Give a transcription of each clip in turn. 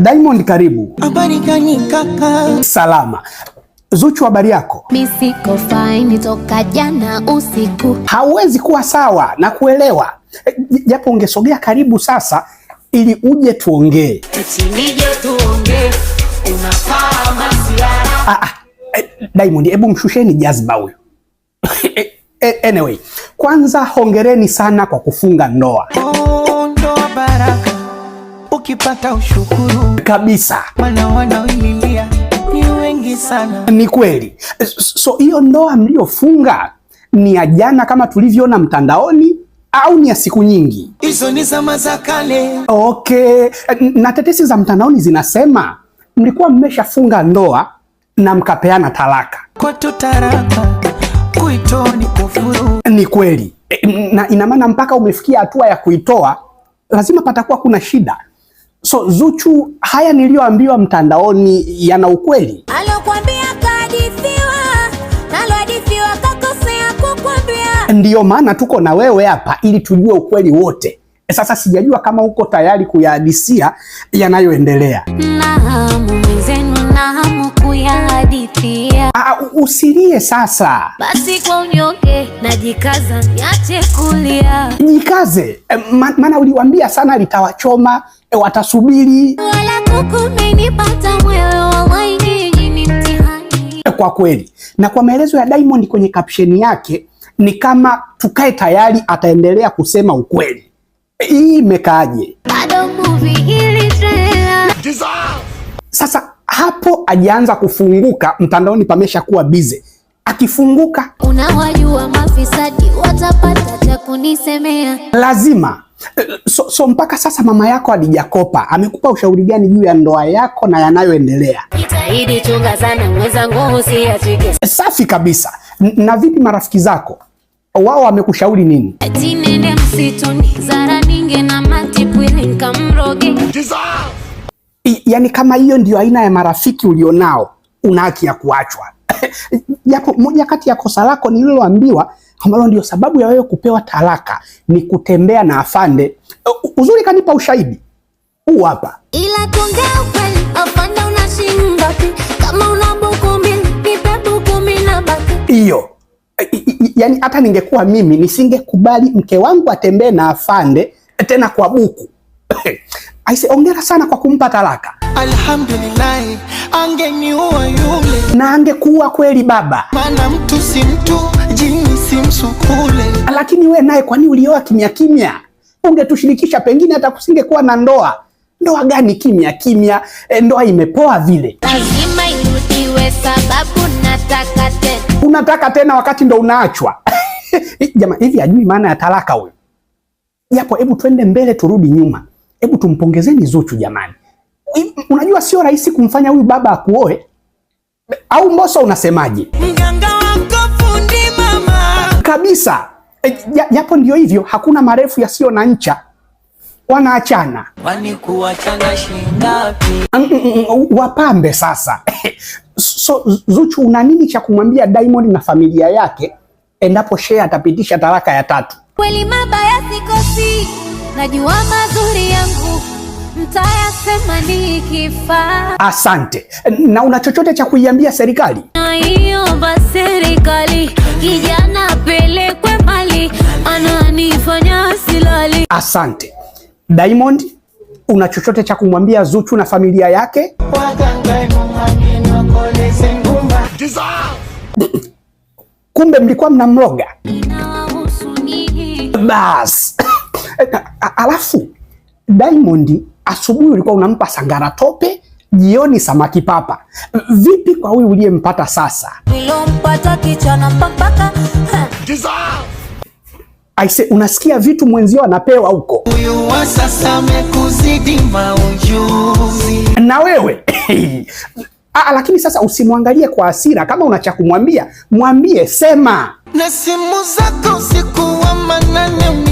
Diamond karibu. Habari gani kaka? Salama. Zuchu habari yako? Misiko fine toka jana usiku. Hauwezi kuwa sawa na kuelewa. Eh, japo ungesogea karibu sasa ili uje tuongee. Nije Unafaa Ah, ah. Eh, Diamond, hebu mshusheni jazba huyo. Eh, anyway, kwanza hongereni sana kwa kufunga ndoa. Oh ukipata ushukuru kabisa, maana wanaoililia ni wengi sana. Ni kweli. So hiyo ndoa mliofunga ni ya jana kama tulivyoona mtandaoni au ni ya siku nyingi? Hizo ni zama za kale. Okay, na tetesi za mtandaoni zinasema mlikuwa mmeshafunga ndoa na mkapeana talaka. Kwetu taraka kuitoa ni kufuru. Ni kweli. E, na ina maana mpaka umefikia hatua ya kuitoa lazima patakuwa kuna shida. So Zuchu, haya niliyoambiwa mtandaoni yana ukweli? Alokuambia kahadithiwa, nalohadithiwa kakosea kukwambia. Ndiyo maana tuko na wewe hapa ili tujue ukweli wote. E, sasa sijajua kama uko tayari kuyahadisia yanayoendelea na na hamu kuyahadithia. Usilie sasa, basi kwa unyonge najikaza, niache kulia. Jikaze eh, maana uliwambia sana litawachoma, e, watasubiri. Wala kukumenipata mwewe wa waini mtihani. Eh, kwa kweli na kwa maelezo ya Diamond kwenye kapsheni yake ni kama tukae tayari, ataendelea kusema ukweli. Hii imekaaje sasa? hapo ajaanza kufunguka mtandaoni, pamesha kuwa bize. Akifunguka unawajua mafisadi watapata cha kunisemea lazima eh, So, so mpaka sasa mama yako alijakopa, amekupa ushauri gani juu ya ndoa yako na yanayoendelea? Jitahidi, chunga sana uweza nguvu si achike. Safi kabisa. Na vipi marafiki zako, wao wamekushauri nini? Eti nende msituni zara ninge na matipwili nkamroge yani kama hiyo ndio aina ya marafiki ulionao, una haki ya kuachwa. Japo moja kati ya kosa lako nililoambiwa ambalo ndio sababu ya wewe kupewa talaka ni kutembea na afande. Uzuri kanipa ushahidi huu hapa. Ila ukweli, afande una shilingi ngapi? Kama una buku mbili, nipe buku mbili na baki. Hiyo Yani hata ningekuwa mimi nisingekubali mke wangu atembee na afande tena kwa buku Aise, ongera sana kwa kumpa talaka. Alhamdulillah, angeniua yule. Na angekuwa kweli baba. Maana mtu si mtu, jini si msukule. Lakini we naye kwani ulioa kimya kimya? Ungetushirikisha pengine hata kusingekuwa na ndoa. Ndoa gani kimya kimya? E, ndoa imepoa vile. Lazima irudiwe sababu nataka tena. Unataka tena wakati ndo unaachwa. Jamaa hivi ajui maana ya talaka huyo. Japo hebu twende mbele turudi nyuma. Hebu tumpongezeni Zuchu jamani. Unajua sio rahisi kumfanya huyu baba akuoe au Mbosso unasemaje? Kabisa e, Japo ndio hivyo, hakuna marefu yasiyo na ncha. Wanaachana. Wani kuachana shingapi? Wapambe sasa. So Zuchu una nini cha kumwambia Diamond na familia yake endapo Shea atapitisha taraka ya tatu? Kweli mabaya sikosi najua mazuri yangu mtayasema nikifa. Asante. Na una chochote cha kuiambia serikali? Naiomba serikali, kijana apelekwe mbali, ananifanya silali. Asante. Diamond, una chochote cha kumwambia Zuchu na familia yake? Kumbe mlikuwa mnamloga. Bas. Eta, eh, alafu Diamond asubuhi ulikuwa unampa sangara tope, jioni samaki papa. Vipi kwa huyu uliyempata sasa? Nilompata mpaka. Aise, unasikia vitu mwenzio anapewa huko, na wewe A, lakini sasa usimwangalie kwa hasira. Kama una cha kumwambia mwambie, sema na simu zako usiku wa manane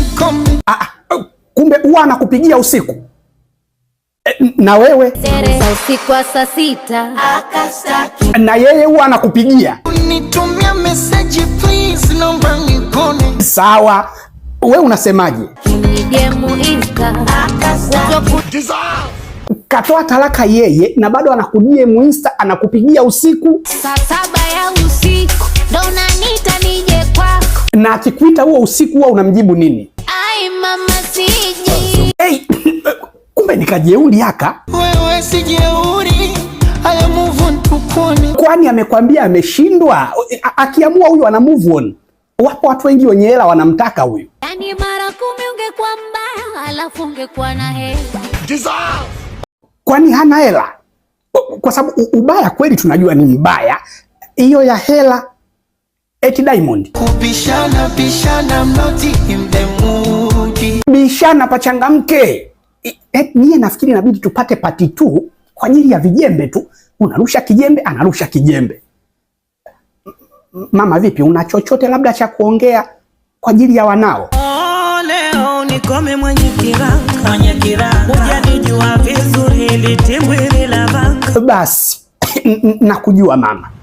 ah, ah. Oh, kumbe huwa anakupigia usiku eh, na wewe usiku wa saa sita na yeye huwa anakupigia sawa. We unasemaje? Katoa talaka yeye na bado anakudm muinsta anakupigia usiku saa saba ya usiku, ndo unaniita nije kwako. Na akikuita huo usiku huwa unamjibu nini? kajeuri haka. Wewe si jeuri, I move on tukoni. Kwani amekwambia ameshindwa? Akiamua huyu ana move on. Wapo watu wengi wenye hela wanamtaka huyu. Yani mara kumi ungekuwa mbaya, alafu ungekuwa na hela. Kwani hana hela? Kwa sababu ubaya kweli tunajua ni mbaya, hiyo ya hela eti Diamond kubishana bishana, bishana pachangamke Eh, niye nafikiri inabidi tupate pati tu kwa ajili ya vijembe tu, unarusha kijembe, anarusha kijembe. Mama vipi, una chochote labda cha kuongea kwa ajili ya wanao? nikome mwenye kiranga, mwenye kiranga, vizuri, ili timu ili la basi nakujua mama